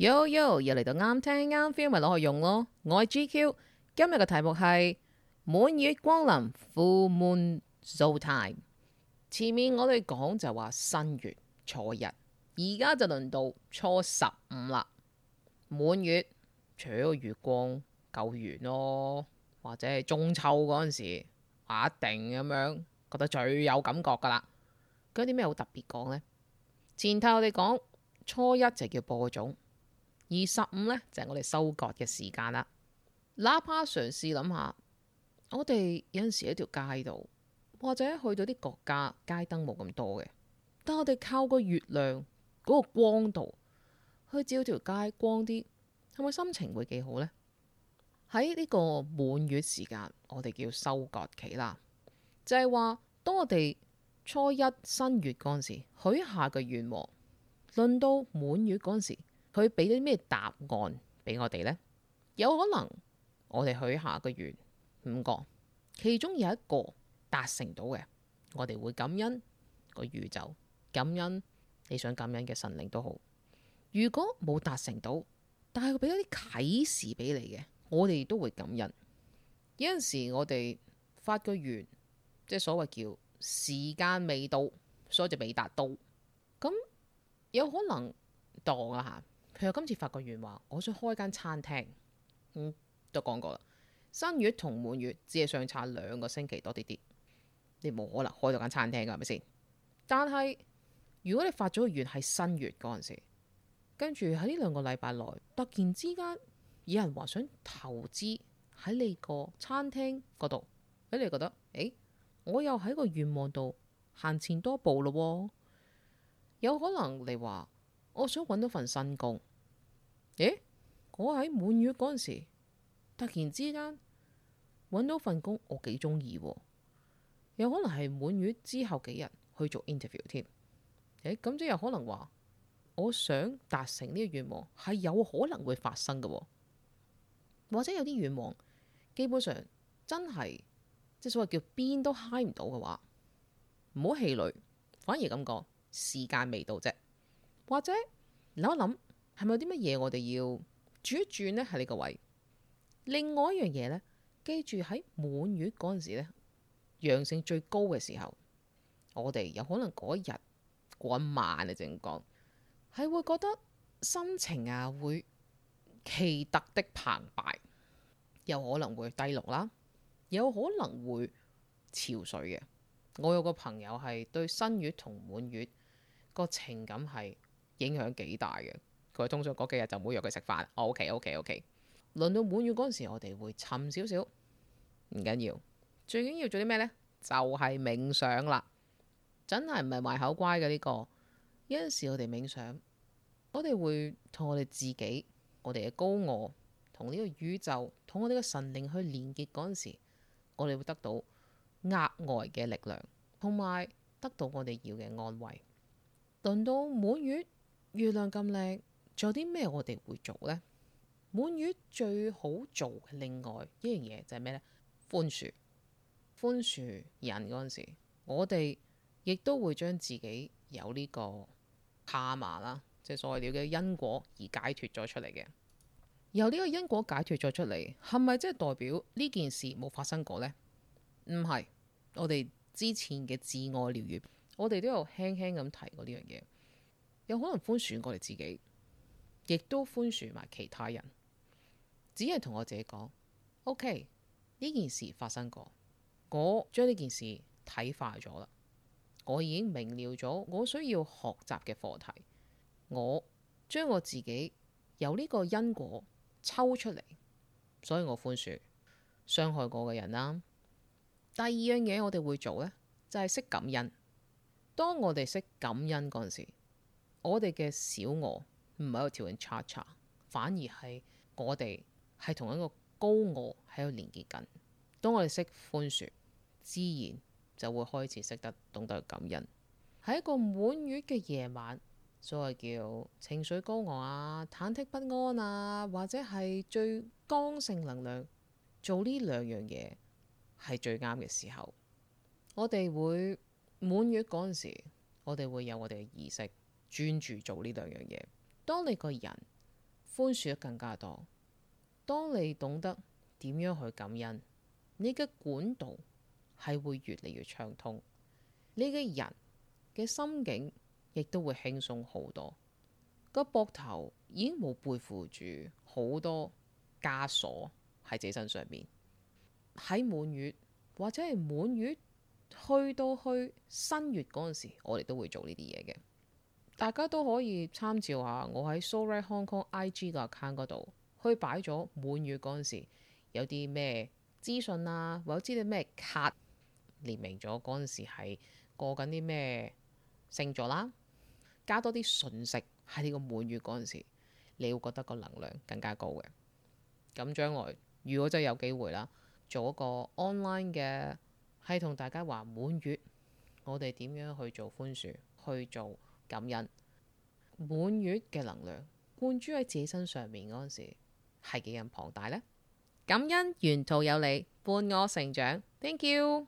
Yo Yo 又嚟到啱聽啱 feel，咪攞去用咯。我係 G Q，今日嘅題目係滿月光臨 Full Moon ZoTime。前面我哋講就話新月初日，而家就輪到初十五啦。滿月除咗月光夠圓咯，或者係中秋嗰陣時，話一定咁樣覺得最有感覺噶啦。佢有啲咩好特別講呢？前頭我哋講初一就叫播種。二十五呢，就係我哋收割嘅時間啦。哪怕嘗試諗下，我哋有陣時喺條街度，或者去到啲國家，街燈冇咁多嘅，但我哋靠個月亮嗰個光度去照條街光啲，係咪心情會幾好呢？喺呢個滿月時間，我哋叫收割期啦，就係話當我哋初一新月嗰陣時許下嘅願望，輪到滿月嗰陣時。佢俾咗啲咩答案俾我哋呢？有可能我哋許下個願五個，其中有一個達成到嘅，我哋會感恩個宇宙，感恩你想感恩嘅神靈都好。如果冇達成到，但係佢俾咗啲啟示俾你嘅，我哋都會感恩。有陣時我哋發個願，即係所謂叫時間未到，所以就未達到。咁有可能當啦吓譬如今次發個願話，我想開間餐廳。咁、嗯、都講過啦，新月同滿月只係相差兩個星期多啲啲，你冇可能開到間餐廳㗎，係咪先？但係如果你發咗個願係新月嗰陣時，跟住喺呢兩個禮拜內突然之間有人話想投資喺你個餐廳嗰度，哎，你覺得？哎、欸，我又喺個願望度行前多步咯。有可能你話我想揾到份新工。咦、欸，我喺滿月嗰陣時，突然之間揾到份工我，我幾中意喎。有可能係滿月之後幾日去做 interview 添。誒、欸，咁即有可能話，我想達成呢個願望係有可能會發生嘅。或者有啲願望，基本上真係即係所謂叫邊都 high 唔到嘅話，唔好氣餒，反而咁講，時間未到啫。或者諗一諗。係咪有啲乜嘢？我哋要轉一轉呢？喺呢個位。另外一樣嘢呢，記住喺滿月嗰陣時呢，陽性最高嘅時候，我哋有可能嗰一日、嗰一晚，你正講係會覺得心情啊會奇特的澎湃，有可能會低落啦，有可能會潮水嘅。我有個朋友係對新月同滿月個情感係影響幾大嘅。佢通常嗰幾日就唔好約佢食飯，OK OK OK。輪到滿月嗰陣時，我哋會沉少少，唔緊要。最緊要做啲咩呢？就係、是、冥想啦，真係唔係賣口乖嘅呢、這個。有陣時我哋冥想，我哋會同我哋自己、我哋嘅高我、同呢個宇宙、同我哋嘅神靈去連結嗰陣時，我哋會得到額外嘅力量，同埋得到我哋要嘅安慰。輪到滿月，月亮咁靚。仲有啲咩？我哋會做呢？滿月最好做嘅，另外一樣嘢就係咩呢？寬恕，寬恕人嗰陣時，我哋亦都會將自己有呢個卡麻啦，即係所謂嘅因果而解脫咗出嚟嘅。由呢個因果解脫咗出嚟，係咪即係代表呢件事冇發生過呢？唔係，我哋之前嘅自愛療愈，我哋都有輕輕咁提過呢樣嘢，有可能寬恕我哋自己。亦都寬恕埋其他人，只係同我自己講，OK，呢件事發生過，我將呢件事睇化咗啦。我已經明瞭咗，我需要學習嘅課題。我將我自己由呢個因果抽出嚟，所以我寬恕傷害過嘅人啦。第二樣嘢我哋會做呢，就係識感恩。當我哋識感恩嗰陣時，我哋嘅小我。唔係度個條叉叉，cha，反而係我哋係同一個高我喺度連結緊。當我哋識寬恕，自然就會開始識得懂得感恩。喺一個滿月嘅夜晚，所謂叫情緒高昂啊、忐忑不安啊，或者係最剛性能量，做呢兩樣嘢係最啱嘅時候。我哋會滿月嗰陣時，我哋會有我哋嘅儀式，專注做呢兩樣嘢。當你個人寬恕得更加多，當你懂得點樣去感恩，你嘅管道係會越嚟越暢通，你嘅人嘅心境亦都會輕鬆好多。個膊頭已經冇背負住好多枷鎖喺自己身上面。喺滿月或者係滿月去到去新月嗰陣時，我哋都會做呢啲嘢嘅。大家都可以參照下我喺 Zorite Hong Kong IG 個 account 嗰度，去以擺咗滿月嗰陣時有啲咩資訊啦，啊，或者知道咩卡列明咗嗰陣時係過緊啲咩星座啦，加多啲信息喺呢個滿月嗰陣時，你會覺得個能量更加高嘅。咁將來如果真係有機會啦，做一個 online 嘅係同大家話滿月，我哋點樣去做寬恕去做。感恩滿月嘅能量灌注喺自己身上面嗰陣時，係幾咁龐大呢？感恩沿途有你，伴我成長。Thank you。